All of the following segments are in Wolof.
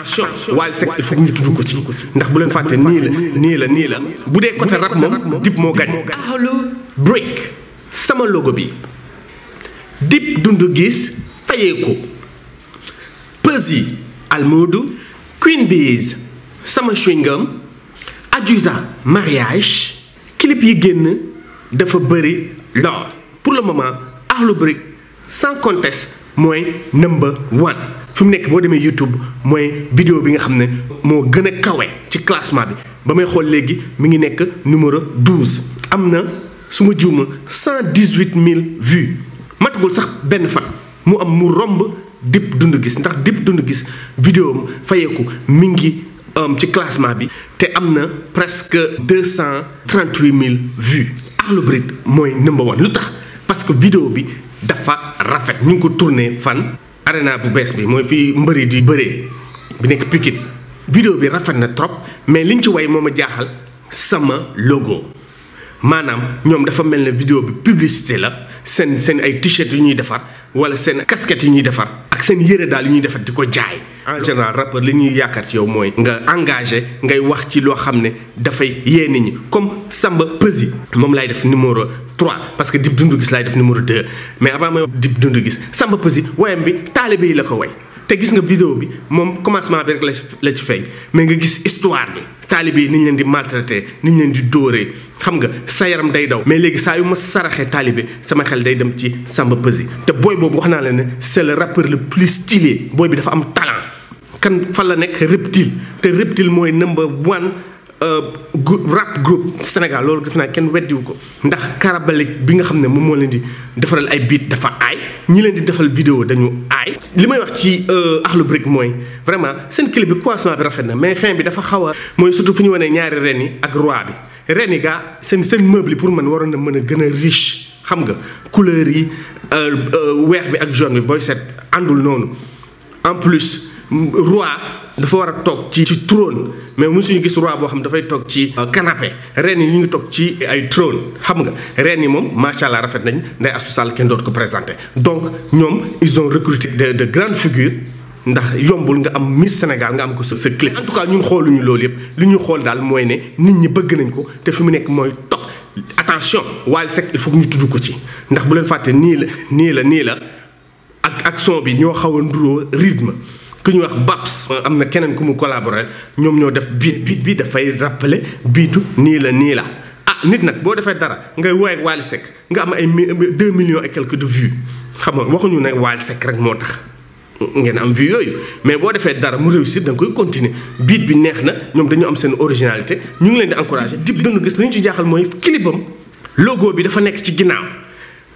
attention wal Seck il faut ñu tudd ko ci ndax bu leen fàtte nii la ni la ni la bu côté rap mom Dip mo gañ ahlu break sama logo bi Dip dundu gis tayé ko Peuzzi almodu Queen bees sama chewing gum Adjuza mariage clip yi génn dafa bëri lool pour le moment ahlu break sans conteste mooy number one fi nek bo demé YouTube moy vidéo bi nga xamné mo gëna kawé ci classement bi bamay xol légui mi ngi nek numéro 12 amna suma djuma ma juuma 118000 vues matagul sax ben fan mu am mu romb Dip dund Guiss ndax Dip dund Guiss vidéo am fayeeku mi ngi um, ci classement bi té amna na presque 238000 vues Akhlou Brick mooy number 1 lutax parce que vidéo bi dafa rafet ñu ngi ko tourner fan naa bu bees bi mooy fi mbëri di bëree bi nekk Pikine vidéo bi rafet na trop mais li liñ ci woy moom a jaaxal sama logo maanaam ñoom dafa mel ne vidéo bi publicité la seen seen ay t-shirt yu ñuy defar wala seen casquette yu ñuy defar ak seen yére daal yu ñuy defar di ko jaay ah, en général rappeur li ñuy yaakaar ci yow mooy nga engagé ngay wax ci loo xam ne dafay yee nit ñi comme Samba Peuzzi moom laay def numéro 3 parce que Dip Doundou gis laay def numéro 2 mais avant may Dip Doundou Guiss Samba Peuzzi woyam bi taalibe yi la ko way te gis nga vidéo bi moom commencement bi rek la ci la ci feeñ mais nga gis histoire bi taalibe yi niñ leen di maltraité niñ leen di dóoree xam nga sa yaram day daw mais léegi saa yu ma saraxee taalibe sama xel day dem ci Samba Peuzzi te booy boobu wax naa leen ne c'est le rappeur le plus stylé booy bi dafa am talent kan fan la nekk reptile te reptile mooy number one Euh, rap groupe Sénégal loolu def naa kenn weddiwu ko ndax karabalik bi nga xam ne moom moo leen di defaral ay biit dafa aay ñi leen di defal vidéo dañu aay li may wax ci euh, Akhlou Brick mooy vraiment seen clip bi commencement bi rafet na mais fin bi dafa xaw a mooy surtout fu ñu wanee ñaari reen yi ak roi bi ren yi gaa seen seen meuble pour man waroon na mën a gën a riche xam nga couleur yi euh, weex bi ak jaune bi booy set àndul noonu en plus roi dafa war a toog ci ci trône mais mosuñu gis roi boo xam dafay toog ci euh, canapé reen yi ñu ngi toog ci ay trône xam nga reen yi moom macha allah rafet nañ nday Astou Sall kenn dootu ko présenté donc ñoom ils ont recruté de de grandes figures ndax yombul nga am Miss Sénégal nga am ko sa clé en tout cas ñun xooluñu loolu yëpp li ñu xool daal mooy ne nit ñi bëgg nañ ko te fi mu nekk mooy topp attention Wally Seck il faut que ñu tudd ko ci ndax bu leen fàtte nii la nii la nii la ak action bi ñoo xaw a nduroo rythme ku ñu wax Babs am na keneen ku mu collaboré ñoom ñoo def biit biit bi dafay rappelé biitu nii la nii la ah nit nag boo defee dara ngay woy ak Wally nga am ay mi millions et quelques de vues xam nga waxuñu ne Wally Seck rek moo tax ngeen am vues yooyu mais boo defee dara mu réussir da nga koy continuer biit bi neex na ñoom dañu am seen originalité ñu ngi leen di encouragé Dip Doundou gis li ñu ci jaaxal mooy clipam logo bi dafa nekk ci ginnaaw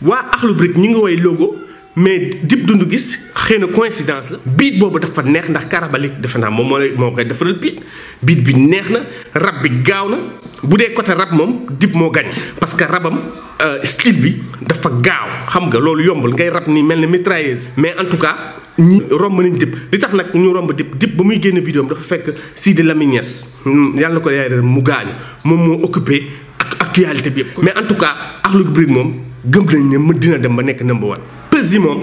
waa Akhlou ñu ngi woy logo mais Dip Doundou Guiss xëy na coïncidence la biit boobu dafa neex ndax karabalik defe naa moom moo lay moo koy defaral biit biit bi neex na rab bi gaaw na bu dee côté rab moom dib moo gañ parce que rabam euh, style bi dafa gaaw xam nga loolu yombul ngay rab ni mel ne mitrailleuse mais en tout cas ñi romb nañ dib li tax nag ñu romb dib dib ba muy génn vidéo am dafa fekk Sidi Lamine Niass hmm, yàlla ko yaay mu gaañu moom moo occupé ak actualité bi mais en tout cas Akhlou Brick moom gëm nañ ne dina dem ba nekk number one pesi moom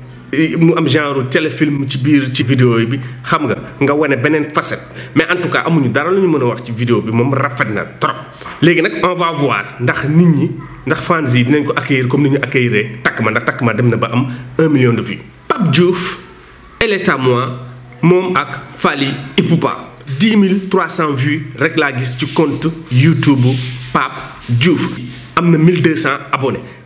mu am genre téléfilm ci biir ci vidéo bi xam nga nga wone beneen facette mais en tout cas amuñu dara lu ñu mën a wax ci vidéo bi moom rafet na trop. léegi nak on va voir ndax nit ñi ndax fans yi dinañ ko accueillir comme ni ñu accueillir takk ma ndax takk ma dem na ba am 1 million de vues. Pape Diouf elle est à moi moom ak fali Ipupa 10 300 vues rek laa gis ci compte YouTube Pape Diouf am na 1200 abonnés.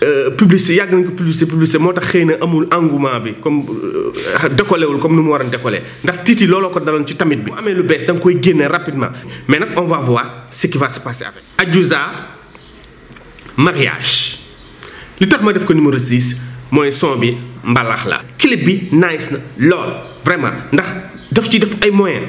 Euh, publicité yàgg nañ ko publicité publicité moo tax xëy na amul engouement bi comme euh, euh, décollé wul comme nu mu war a décollé ndax titi looloo ko daloon ci tamit bi. bu amee lu bees da nga koy génne rapidement mais nag on va voir ce qui va se passer avec. Adiouza mariage li tax ma def ko numéro 6 mooy son bi mbalax la. clip bi nice na lool vraiment ndax daf ci def ay moyens.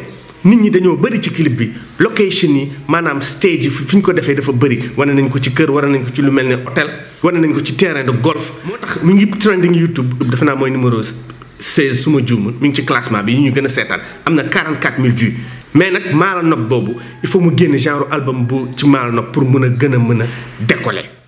nit ñi dañoo bëri ci clip bi location yi maanaam stage yi fi ñu ko defee dafa bëri wane nañ ko ci kër wane nañ ko ci lu mel ni hôtel wane nañ ko ci terrain de golf moo tax mi ngi trending YouTube defe naa mooy numéro 16 su ma mi ngi ci classement bi yi ñu gën a seetaan am na 44 000 vues mais nag Mala Nopp boobu il faut mu génn genre album bu ci Mala Nopp pour mën a gën a mën a décoller